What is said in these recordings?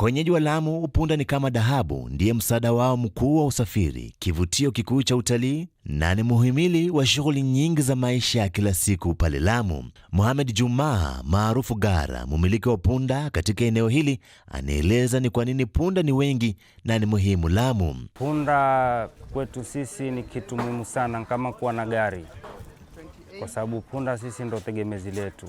Kwenyeji wa Lamu, punda ni kama dhahabu, ndiye msaada wao mkuu wa usafiri, kivutio kikuu cha utalii na ni muhimili wa shughuli nyingi za maisha ya kila siku pale Lamu. Mohamed Jumaa maarufu Gara, mumiliki wa punda katika eneo hili, anaeleza ni kwa nini punda ni wengi na ni muhimu Lamu. Punda kwetu sisi ni kitu muhimu sana, kama kuwa na gari, kwa sababu punda sisi ndo tegemezi letu,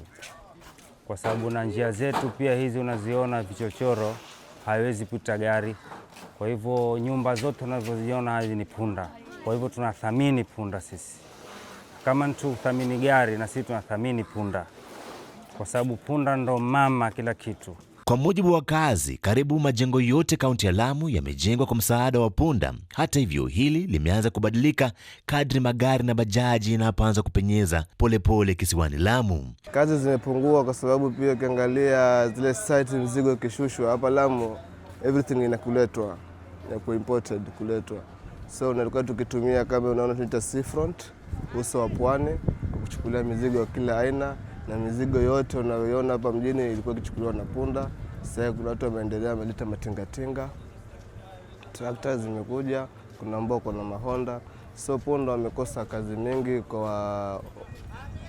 kwa sababu na njia zetu pia hizi unaziona vichochoro haiwezi pita gari. Kwa hivyo nyumba zote unazoziona hizi ni punda. Kwa hivyo tunathamini punda sisi, kama mtu uthamini gari, na sisi tunathamini punda, kwa sababu punda ndo mama kila kitu. Kwa mujibu wa kazi, karibu majengo yote kaunti ya Lamu yamejengwa kwa msaada wa punda. Hata hivyo, hili limeanza kubadilika kadri magari na bajaji inapoanza kupenyeza polepole kisiwani Lamu. Kazi zimepungua kwa sababu pia ukiangalia zile site mzigo ikishushwa hapa Lamu, everything inakuletwa inakuwa imported kuletwa, so unakuwa tukitumia kama unaona tunaita seafront, uso wa pwani, kuchukulia mizigo ya kila aina na mizigo yote unayoiona hapa mjini ilikuwa ikichukuliwa na punda. Sasa kuna watu wameendelea, wameleta matingatinga, trakta zimekuja, kuna ambao kuna mahonda, so punda wamekosa kazi mingi kwa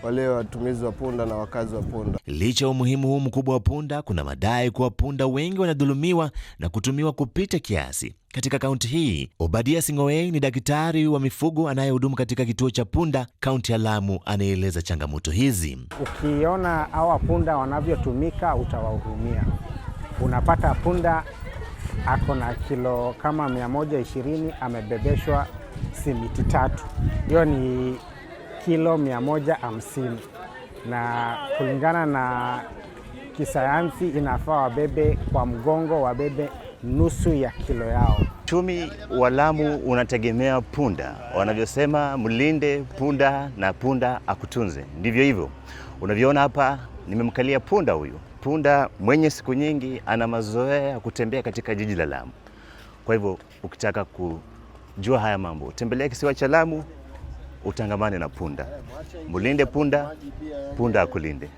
wale watumizi wa punda na wakazi wa punda. Licha ya umuhimu huu mkubwa wa punda, kuna madai kuwa punda wengi wanadhulumiwa na kutumiwa kupita kiasi katika kaunti hii. Obadia Singoei ni daktari wa mifugo anayehudumu katika kituo cha punda kaunti ya Lamu, anaeleza changamoto hizi. Ukiona hawa punda wanavyotumika utawahurumia. Unapata punda ako na kilo kama 120 amebebeshwa simiti tatu, hiyo ni kilo 150 na kulingana na kisayansi inafaa wabebe kwa mgongo, wabebe nusu ya kilo yao. Uchumi wa Lamu unategemea punda. Wanavyosema mlinde punda na punda akutunze, ndivyo hivyo unavyoona hapa. Nimemkalia punda huyu, punda mwenye siku nyingi, ana mazoea ya kutembea katika jiji la Lamu. Kwa hivyo ukitaka kujua haya mambo, tembelea kisiwa cha Lamu, utangamane na punda. mlinde punda, punda akulinde.